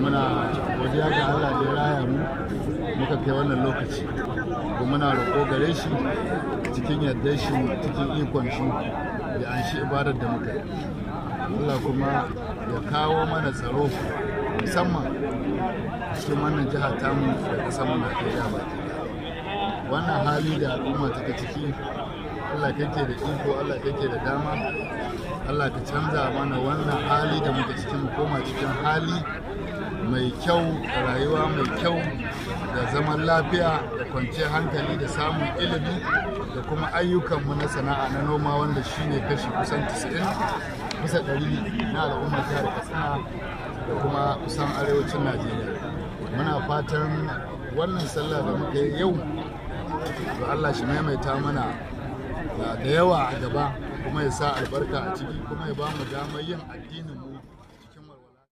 muna godiya ga Allah da ya raya mu muka kai wannan lokaci kuma muna roƙo gare shi cikin yadda shi cikin ikon shi ya anshi ibadar da muka Allah kuma ya kawo mana tsaro musamman cikin wannan jiha tamu da kasar mu Najeriya ba wannan hali da al'umma take ciki Allah kake da iko Allah kake da dama Allah ka canza mana wannan hali da muka cikin mu koma cikin hali mai kyau rayuwa mai kyau da zaman lafiya da kwanciyar hankali da samun ilimi da kuma ayyukanmu na sana'a na noma wanda shi ne kashi kusan 90 kusa 100 na al'ummar jihar katsina da kuma kusan arewacin najeriya muna fatan wannan sallah da muka yi yau da allah shi maimaita mana da yawa a gaba kuma ya sa albarka a ciki kuma ya ba mu damar yin addinin